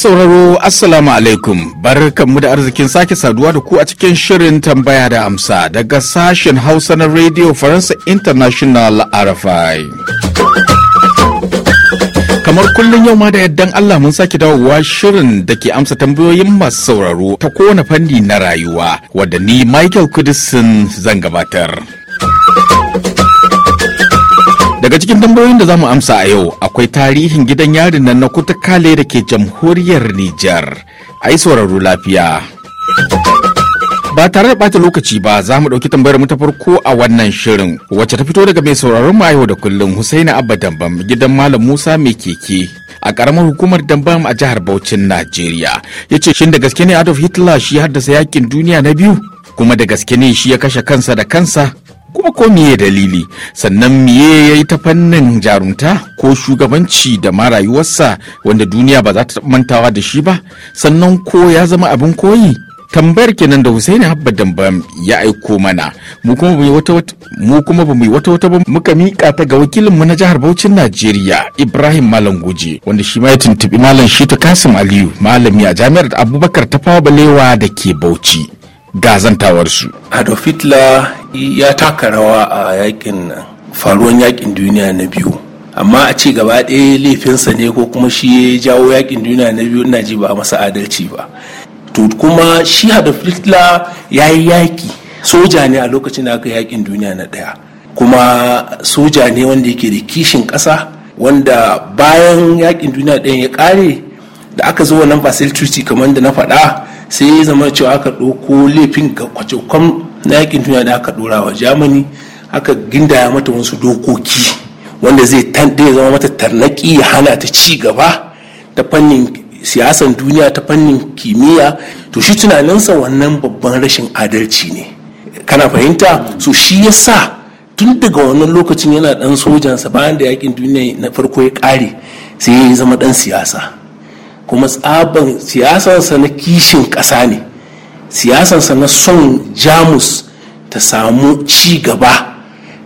sauraro Assalamu alaikum barkanmu da arzikin sake saduwa da ku a cikin shirin tambaya da amsa daga sashen Hausa na Radio Faransa International RFI. Kamar kullum yau ma da yaddan Allah mun sake dawowa shirin da ke amsa tambayoyin masu sauraro ta kowane fanni na rayuwa wadda ni Michael Kudisin zan gabatar. cikin tambayoyin da zamu amsa a yau akwai tarihin gidan yarin nan na kutakale da ke jamhuriyar Nijar. Ai sauraro lafiya. Ba tare da bata lokaci ba za mu ɗauki tambayar mu ta farko a wannan shirin wacce ta fito daga mai sauraron mu yau da kullum Husaini Abba Dambam gidan Malam Musa mai keke a karamar hukumar Dambam a jihar Bauchin Najeriya. Ya ce shin da gaske ne Adolf Hitler shi haddasa yakin duniya na biyu? Kuma da gaske ne shi ya kashe kansa da kansa kuma ko miye dalili sannan miye ya yi ta fannin jarumta ko shugabanci da ma rayuwarsa wanda duniya ba za ta mantawa da shi ba sannan ko ya zama abin koyi tambayar kenan da Hussaini Habba Dambam ya aiko mana mu kuma ba mu yi wata wata ba muka mika ta ga wakilin mu na jihar Bauchin Najeriya Ibrahim Malam Goje wanda shi ma ya tuntubi Malam Shita Kasim Aliyu malami a Jami'ar Abubakar ta Fawa Balewa da ke Bauchi gazantawarsu. Adolf Hitler ya taka rawa a yakin faruwan yakin duniya na biyu. Amma a ce gaba ɗaya laifinsa ne ko kuma shi ya jawo yakin duniya na biyu ina ji ba masa adalci ba. To kuma shi Adolf Hitler ya yi yaki soja ne a lokacin da aka yakin duniya na ɗaya. Kuma soja ne wanda yake da kishin ƙasa wanda bayan yakin duniya ɗaya ya ƙare da aka zo wannan Basel kamar da na faɗa sai ya zama cewa aka ɗauko laifin ga na yakin duniya da aka ɗora wa germany aka gindaya mata wasu dokoki wanda zai zama mata tarnaki ya hana ta ci gaba ta fannin siyasan duniya ta fannin kimiyya to shi tunaninsa wannan babban rashin adalci ne kana fahimta so shi ya sa tun daga wannan lokacin yana ɗan sojansa bayan da yakin duniya na farko ya ƙare sai ya zama ɗan siyasa kuma tsaban siyasansa na kishin ƙasa ne siyasansa na son jamus ta samu ci gaba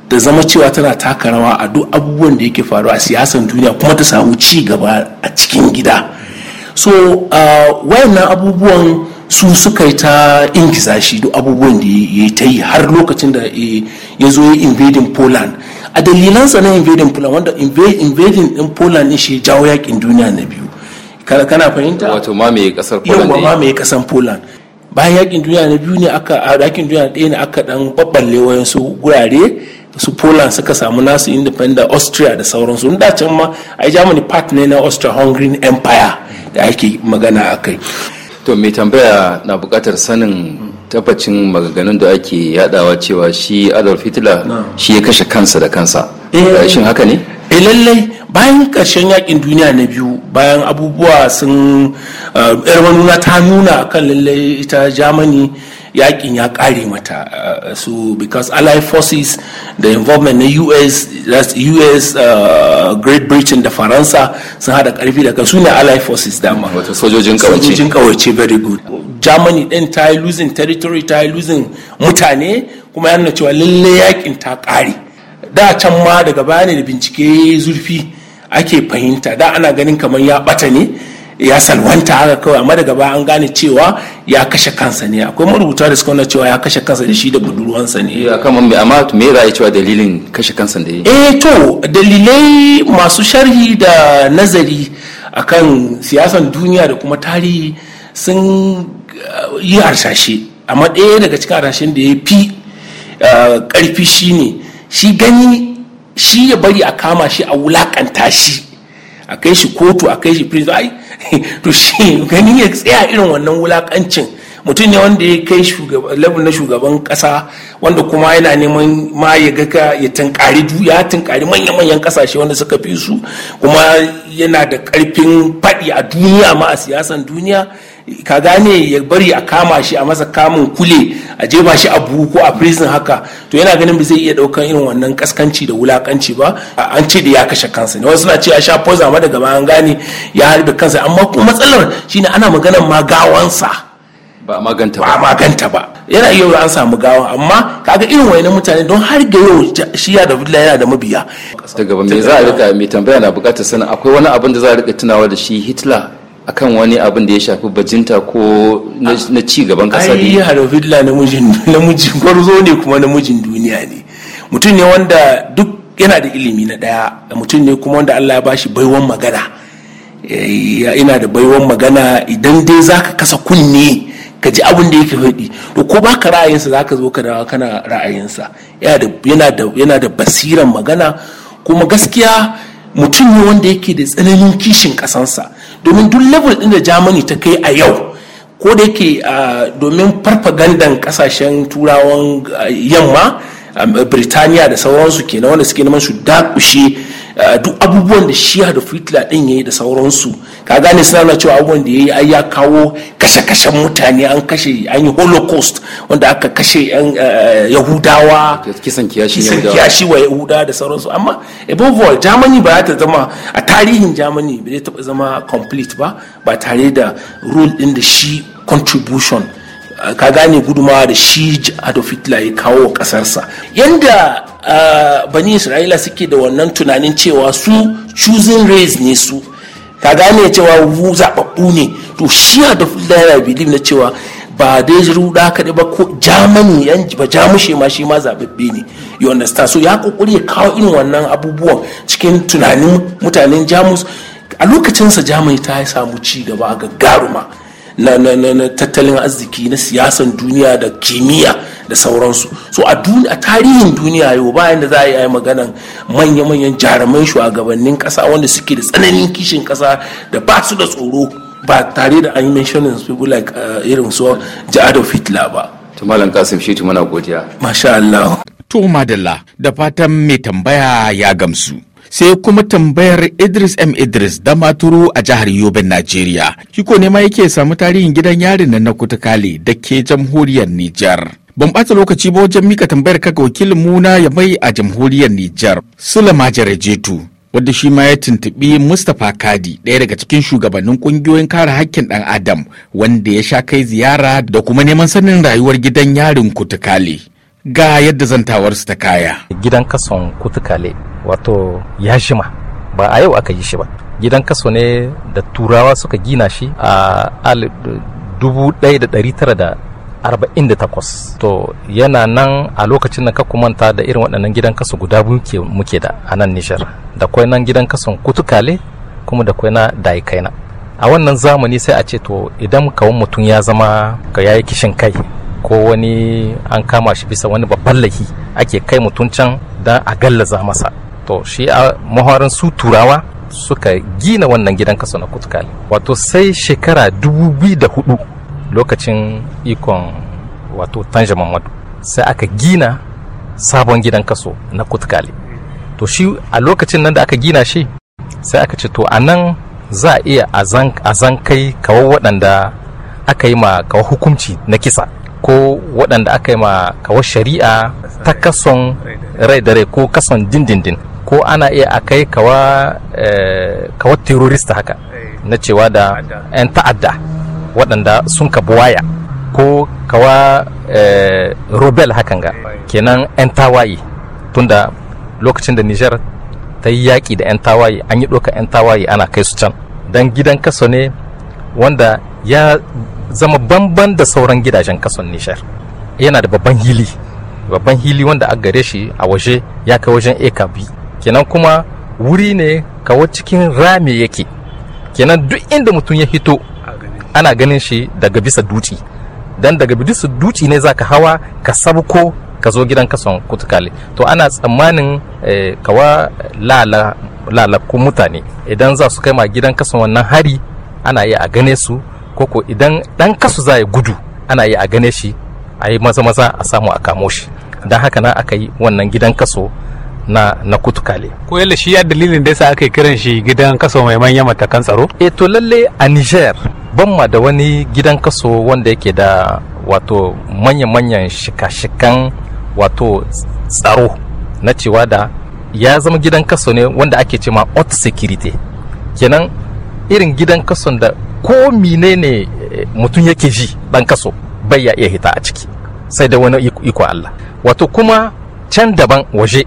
da zama cewa tana taka rawa a duk abubuwan da yake faru a siyasan duniya kuma ta samu ci gaba a cikin gida so uh, wayannan abubuwan su suka yi ta ingiza shi duk abubuwan da ya ta yi har lokacin da eh, ya zo ya invading poland a dalilansa na invading poland wanda invading din poland ne shi jawo yakin duniya na biyu kana fahimta wato mamaye kasar poland mamaye kasar poland bayan yakin duniya na biyu ne aka a yakin duniya ɗaya ne aka dan babballe wayansu gurare su poland suka samu nasu independent austria da sauransu inda can ma ai germany part ne na austria hungarian empire da ake magana a kai to mai tambaya na bukatar sanin tabbacin maganganun da ake yadawa cewa shi adolf hitler shi ya kashe kansa da kansa eh. shin haka ne eh lallai bayan ƙarshen yakin duniya na biyu bayan abubuwa sun eh, yar manuna ta nuna kan lallai ita germany yakin ya ƙare mata eh, so because allied forces da involvement na us us eh, great britain da faransa sun hada karfi daga kan su ne allied forces dama sojojin kawace sojojin kawace very good germany din ta yi losing territory ta yi losing mutane kuma yana cewa lallai yakin ta ƙare da can ma daga baya da bincike zurfi ake fahimta da ana ganin kamar ya bata ne ya salwanta haka kawai amma daga baya an gane cewa ya kashe kansa ne akwai marubuta da suka nuna cewa ya kashe kansa da shi da budurwansa ne ya kama mai amma me ra'ayi cewa dalilin kashe kansa da yi eh to dalilai masu sharhi da nazari akan siyasan duniya da kuma tarihi sun uh, yi harsashe amma ɗaya daga cikin harsashen da ya fi uh, ƙarfi shine shi gani shi ya bari a kama shi a wulakanta shi a kai shi kotu a kai shi prince ai to shi gani ya tsaya irin wannan wulakancin mutum ne wanda ya kai level na shugaban kasa wanda kuma yana neman ma ya ga ya tunkari ya tunkari manya-manyan kasashe wanda suka fi su kuma yana da karfin faɗi a duniya ma a siyasan duniya ka gane ya bari a kama shi a masa kamun kule a jeba shi a buhu ko a prison haka to yana ganin ba zai iya daukan irin wannan kaskanci da wulakanci ba an ce da ya kashe kansa ne wasu na ce a sha poza ma daga an gane ya harbe kansa amma kuma matsalar shine ana maganar ma gawansa ba maganta ba maganta ba yana iya an samu gawa amma kaga irin wayannan mutane don har ga yau shi ya da billahi yana da mabiya ta gaba me za a rika mai tambaya na bukatar sanin akwai wani abin da za a rika tunawa da shi Hitler akan wani abin da ya shafi bajinta ko na ah. ci gaban kasa ne ai Fidla namijin gwarzo ne kuma namijin duniya ne mutum ne wanda duk yana da ilimi na daya mutum ne kuma wanda Allah ya bashi baiwan magana ya eh, ina da baiwan magana idan dai zaka kasa kunne ka ji abin da yake faɗi to ko baka ra'ayinsa za ka zo ka dawa kana ra'ayinsa yana da basiran magana kuma gaskiya mutum ne wanda yake da tsananin kishin kasansa domin duk level ɗin da germany ta kai a yau ko da yake ah, domin farfagandan kasashen turawan ah, yamma ah, birtaniya da sauransu kenan wanda suke neman su dakushe Eh, duk abubuwan da shiya da fitla din yi da sauransu ka gane suna na cewa abubuwan da yayi ai ya kawo kashe-kashen mutane an kashe an yi holocaust wanda aka kashe yan eh, yahudawa kisan kiyashi wa yahuda da sauransu amma above all germany ba ta zama a tarihin germany ba zai zama complete ba ba tare da role din da shi contribution ka gane gudumawa da shi Adolf Hitler ya kawo wa kasarsa yanda ah, bani Isra'ila suke da wannan tunanin cewa su choosing race ne su ka gane cewa wu zaɓaɓɓu ne to shi Adolf Hitler yana believe na cewa ba dai ruda kaɗai ba ko jamani yan ba jamushe ma shi ma zababbe ne you understand so ya kokuri ya kawo irin wannan abubuwan cikin tunanin mutanen jamus a lokacinsa jamani ta samu ci gaba ga gagaruma na tattalin arziki na siyasan duniya da kimiyya da sauransu so a a tarihin duniya yau bayan da za a yi maganan manya-manyan jaruman shugabannin kasa wanda suke da tsananin kishin kasa da ba su da tsoro ba tare da an yi mentioning su like uh, irin su Adolf Hitler ba to malam Kasim shi muna godiya masha Allah to madalla da fatan mai tambaya ya gamsu sai kuma tambayar idris m idris da maturu a jihar yobin najeriya kiko ne ma yake samu tarihin gidan yarin na kutukale da ke jamhuriyar nijar ban ɓata lokaci ba wajen mika tambayar kaga wakilin muna ya mai a jamhuriyar nijar sulama jarejetu wadda shi ma ya tuntuɓi Mustapha Kadi ɗaya daga cikin shugabannin ƙungiyoyin kare haƙƙin ɗan Adam wanda ya sha kai ziyara da kuma neman sanin rayuwar gidan yarin Kutukale. ga yadda zantawarsu ta kaya. Gidan kason kutukale wato ya ba a yau aka yi shi ba. Gidan kaso ne da turawa suka gina shi a takwas. To yana nan a lokacin da ka kumanta da irin waɗannan gidan kaso guda biyu muke da a nan Nijar. Da kwai nan gidan kason kutukale kuma da kwai na daikaina. A wannan zamani sai a ce to idan kawun mutum ya zama ka yayi kishin kai ko wani an kama shi bisa wani babban lahi ake kai mutum can don a gallaza masa to shi a maharin su turawa suka gina wannan gidan kasa na kutukali wato sai shekara hudu lokacin ikon wato tanja mamadu sai aka gina sabon gidan kaso na kutukali to shi a lokacin nan da aka gina shi sai aka ce to a nan za a iya a zan kai kawo waɗanda aka yi ma kawo hukunci na kisa ko waɗanda aka yi ma kawar shari'a ta kason rai da rai ko kason dindindin ko ana iya a kai kawa eh, terorista haka na cewa da 'yan ta'adda waɗanda sun ka waya ko kawa eh, robel hakan ga kenan 'yan tawaye tunda lokacin da nijar ta yi yaƙi da 'yan tawaye an yi ɗauka 'yan tawaye ana kai su can don gidan kaso ne wanda ya zama banban da sauran gidajen kason nishar yana da babban hili babban hili wanda a gare shi a waje ya kai wajen eka bi kenan kuma wuri ne kawo cikin rame yake kenan duk inda mutum ya hito ana ganin shi daga bisa duci dan daga bisa duci ne zaka hawa ka sabko ka zo gidan kason kutukale to ana tsammanin eh, kawa lala ko mutane idan za su kai ma gidan kason wannan hari ana iya a gane su koko idan dan kasu za ya gudu ana yi a gane shi a yi maza maza a samu a kamo shi don haka na aka yi wannan gidan kaso na na kutukale ko yalla shi ya dalilin da yasa aka kiran shi gidan kaso mai manyan matakan tsaro eh to lalle a Niger ban ma da wani gidan kaso wanda yake da wato manyan manyan shika-shikan wato tsaro na cewa da ya zama gidan kaso ne wanda ake cema hot security kenan irin gidan kason da ko menene eh, mutum yake ji dan kaso bai ya iya hita a ciki sai da wani iko Allah wato kuma can daban waje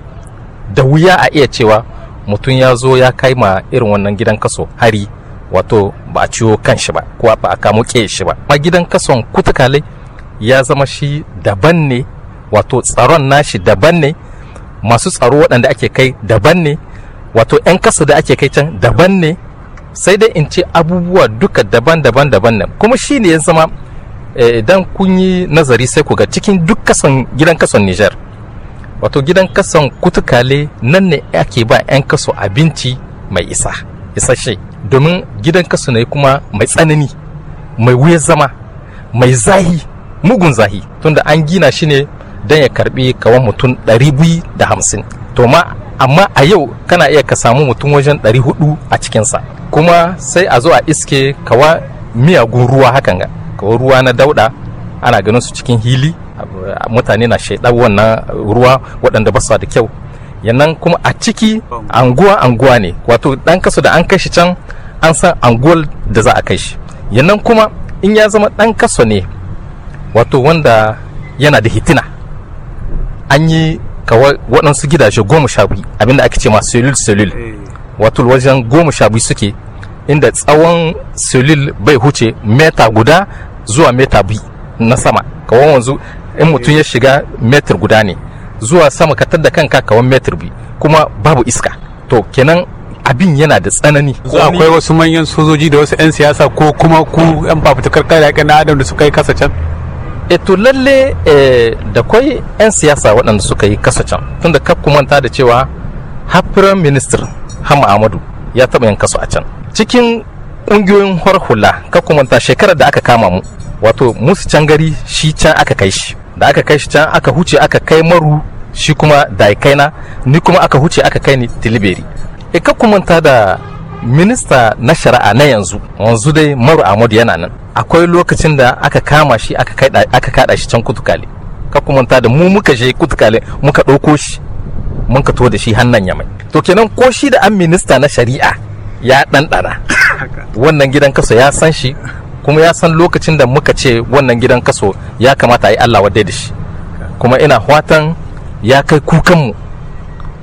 da wuya a iya cewa mutum ya zo ya kai ma irin wannan gidan kaso hari wato ba a ciwo kan shi ba ko ba a kamo ke shi ba ma gidan kason kutukale ya zama shi daban ne wato tsaron nashi daban ne masu tsaro waɗanda ake kai daban ne wato 'yan kasa da ake kai can daban ne sai dai in ce abubuwa duka daban-daban daban nan kuma shi ne ya zama eh, idan kun yi nazari sai ku ga cikin duk kasan gidan kasan Nijar wato gidan kasan kutukale nan ne ake ba 'yan kaso abinci mai isa isasshe domin gidan kaso ne kuma mai tsanani mai wuyar zama mai zahi mugun zahi tunda an gina shi ne don ya karbi kawan mutum ɗari 250 to ma amma a yau kana iya ka samu mutum wajen ɗari 400 a cikinsa kuma sai a zo a iske kawa miyagun ruwa hakan ga kawa ruwa na dauda ana ganin su cikin hili mutane na shaidar wannan ruwa waɗanda ba su da kyau yannan kuma a ciki anguwa anguwa ne wato dan kaso da an kai shi can an san anguwar da za a kai shi yannan kuma in ya zama dan kaso ne wato wanda yana da hitina an yi kawai waɗansu gidaje goma sha biyu abinda ake ce ma selul selul eh. wato wajen goma sha biyu suke inda tsawon silil bai huce meta guda zuwa meta biyu na sama kawai wanzu in mutum ya shiga metar guda ne zuwa sama ka tadda kanka kawai metar biyu kuma babu iska to kenan abin yana da tsanani ko akwai wasu manyan sojoji da wasu 'yan siyasa ko kuma ku 'yan fafutukar kare na adam da suka yi kasa can eto lalle e, da kwai 'yan siyasa waɗanda suka yi kasa can tunda kaf manta da cewa har minister hamma amadu ya taɓa yanka su a can cikin ƙungiyoyin hula ka kumanta shekarar da aka kama mu wato musu can gari shi can aka kai shi da aka kai shi can aka huce aka kai maru shi kuma na ni kuma aka huce aka kai ni tiliberi e ka kumanta da minista na shari'a na yanzu wanzu dai maru amadu yana nan akwai lokacin da aka kama shi aka kada shi can kutukale ka kumanta da mu muka je kutukale muka ɗauko shi mun ka to da shi hannan yamai to kenan ko shi da an minista na shari'a ya ɗanɗana wannan gidan kaso ya san shi kuma ya san lokacin da muka ce wannan gidan kaso ya kamata a yi allah wadda da shi kuma ina watan ya kai kukanmu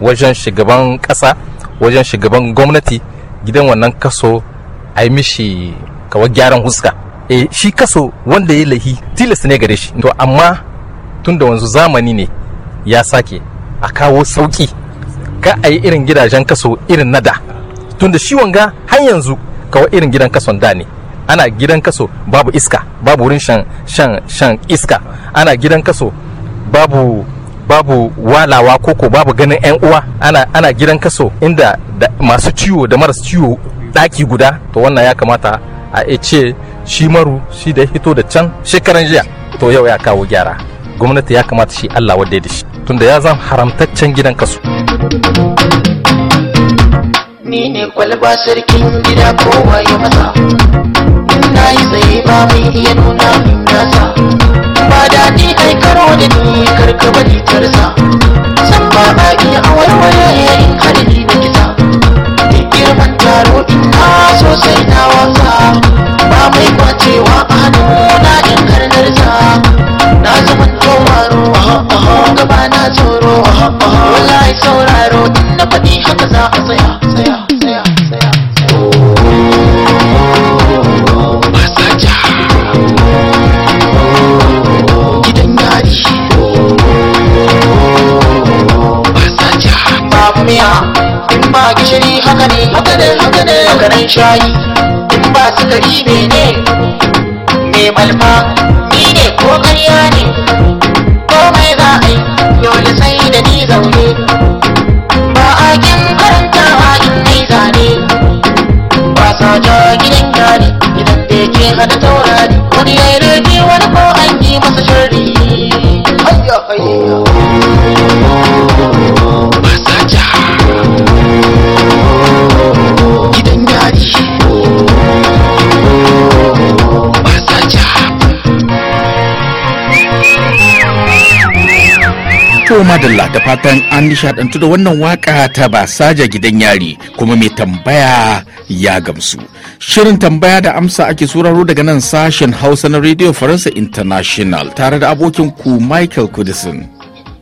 wajen shugaban ƙasa wajen shugaban gwamnati gidan wannan kaso a yi mishi kawai gyaran huska e shi kaso wanda ya lahi tilas ne gare shi to amma tun da wanzu zamani ne ya sake a kawo sauki ka a yi irin gidajen kaso irin na da tunda shi wanga har yanzu kawai irin gidan kason da ne ana gidan kaso babu iska babu wurin shan shan shan iska ana gidan kaso babu babu walawa koko babu ganin yan uwa ana ana gidan kaso inda masu ciwo da maras ciwo daki guda to wannan ya kamata a ce shi maru shi da hito da can shekaran jiya to yau ya kawo gyara gwamnati ya kamata shi Allah wadda da shi tunda ya zama haramtaccen gidan kasu ni ne kwalba sarkin gida kowa ya masa na yi tsaye ba mai iya nuna min nasa ba daɗi ai karo da ni karka bari tarsa san ba ba iya awarwar ruwan shayi in ba sukari ne me malfa ni ne ko ƙarya ne komai za a yi dole sai da ni zaune ba a karanta karantawa in mai zane ba sa ja gidan yari idan da ke hada taurari wani ya yi wani ko an yi masa shirri hayya hayya To madalla da fatan an nishadantu da wannan waka ta basaja gidan yari kuma mai tambaya ya gamsu. Shirin tambaya da amsa ake suraro daga nan sashen Hausa na Radio Faransa International tare da abokin ku Michael Kudisin.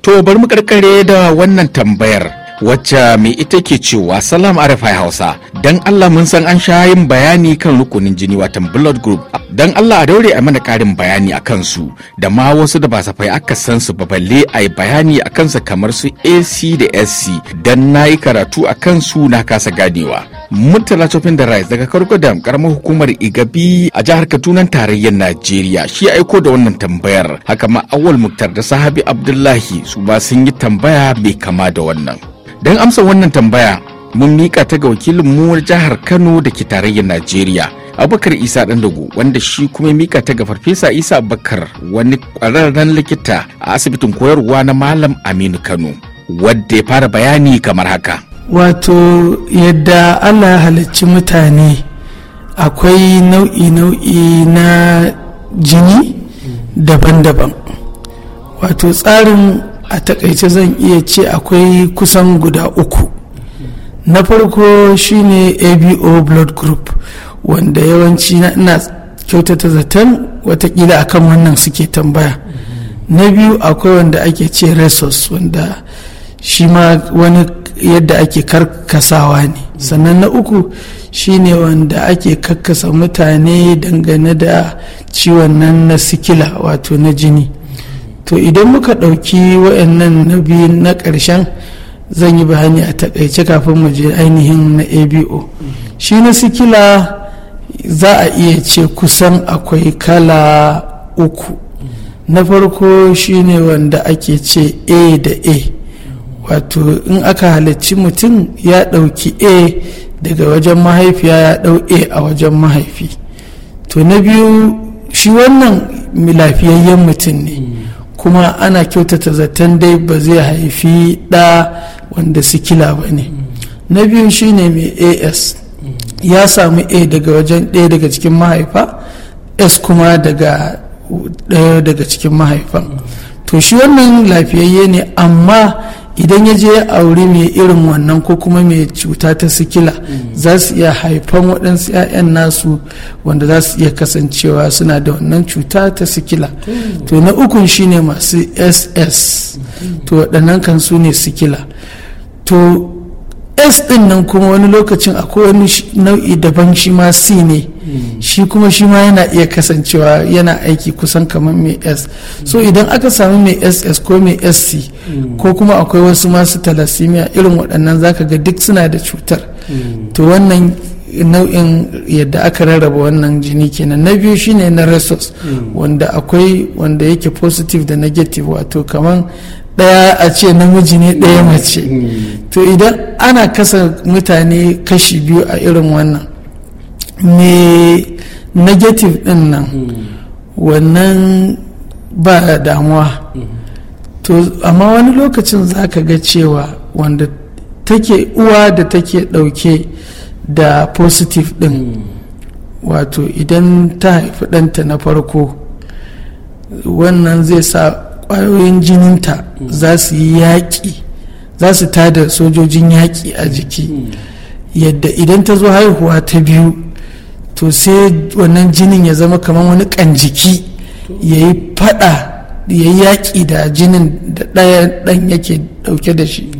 To bari mu karkare da wannan tambayar wacce mai ita ke cewa salam arafai hausa don allah mun san an sha yin bayani kan rukunin jini watan blood group don allah a daure a mana karin bayani a kansu da ma wasu da ba safai aka san su ba balle a yi bayani a kansa kamar su ac da sc don na yi karatu a kansu na kasa ganewa murtala chopin da rice daga da karamar hukumar igabi a jihar katunan tarayyar najeriya shi aiko da wannan tambayar haka ma awal muktar da sahabi abdullahi su ba sun yi tambaya mai kama da wannan don amsa wannan tambaya mun mika ta ga wakilin mu jihar kano da ke tarayyar najeriya abubakar isa dandago wanda shi kuma mika ta ga farfesa isa bakar wani kwararren likita a asibitin koyarwa na malam aminu kano wadda ya fara bayani kamar haka wato yadda allah halarci mutane akwai nau'i-nau'i na jini daban-daban wato tsarin a takaice zan iya ce akwai kusan guda uku na farko shine abo blood group wanda yawanci ina kyautata zaton watakila akan wannan suke tambaya na biyu akwai wanda ake ce resus wanda shi ma wani yadda ake karkasawa ne sannan na uku shine wanda ake karkasa mutane dangane da ciwon nan na sikila wato na jini to idan muka ɗauki waɗannan na biyu na ƙarshen zan yi bayani a takaice kafin mu je ainihin na abo shi na sikila za a iya ce kusan akwai kala uku na farko shine wanda ake ce a da a wato in aka halarci mutum ya ɗauki a daga wajen mahaifiya ya ɗau a a wajen mahaifi to na biyu shi wannan lafiyayyen mutum ne kuma ana kyautata zaton dai ba zai haifi ɗa wanda sikila ba ne na biyu shine mai as ya samu a daga wajen ɗaya daga cikin mahaifa s kuma daga ɗaya daga cikin mahaifan to shi wannan lafiyayye ne amma idan ya je ya auri mai irin wannan ko kuma mai cuta ta sikila za su iya haifan waɗansu 'ya'yan nasu wanda za su iya kasancewa suna da wannan cuta ta sikila to na ukun shine masu ss to waɗannan kan su ne sikila to s ɗin nan kuma wani lokacin akwai wani nau'i daban shi ma c ne shi kuma shi ma yana iya kasancewa yana aiki kusan kamar mai s so idan aka samu mai ss ko mai sc ko kuma akwai wasu masu talasimiya irin waɗannan zaka ga duk suna da cutar to wannan nau'in yadda aka rarraba wannan jini kenan na biyu shine na resource wanda akwai wanda yake positive da negative wato kamar ɗaya a ce namiji ne daya mace to idan ana kasa mutane kashi biyu a irin wannan me negative din nan hmm. wannan ba damuwa hmm. to amma wani lokacin za ka ga cewa wanda take uwa da take ɗauke da positive din hmm. wato idan ta haifi ɗanta na farko wannan zai sa ƙwayoyin jininta za su yi yaƙi za su tada sojojin yaƙi a jiki yadda idan ta zo haihuwa ta biyu to sai wannan jinin ya zama kamar wani jiki ya yi fada ya yi yaƙi da jinin da ɗaya ɗan yake ɗauke da shi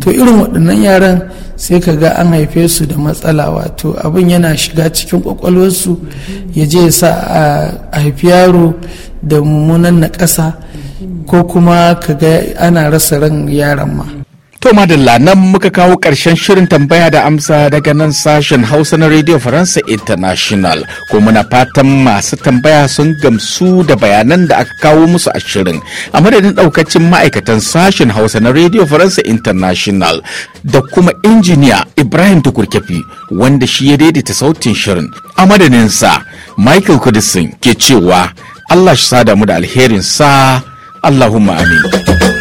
to irin waɗannan yaran sai ka ga an haife su da matsala wato abin yana shiga cikin ƙwaƙwalwarsu ya je ya sa a haifi yaro da mummunan na ƙasa ko kuma ka ga ana rasa ran yaran ma To madalla nan muka kawo ƙarshen shirin tambaya da amsa daga nan sashen Hausa na Radio Faransa International ko muna fatan masu tambaya sun gamsu da bayanan da aka kawo musu a shirin. A madadin ɗaukacin ma'aikatan sashen Hausa na Radio Faransa International da kuma injiniya Ibrahim Tukurkefi wanda shi ya daidaita sautin shirin. A sa Michael Kudisin ke cewa Allah shi sada mu da alherin sa Allahumma amin.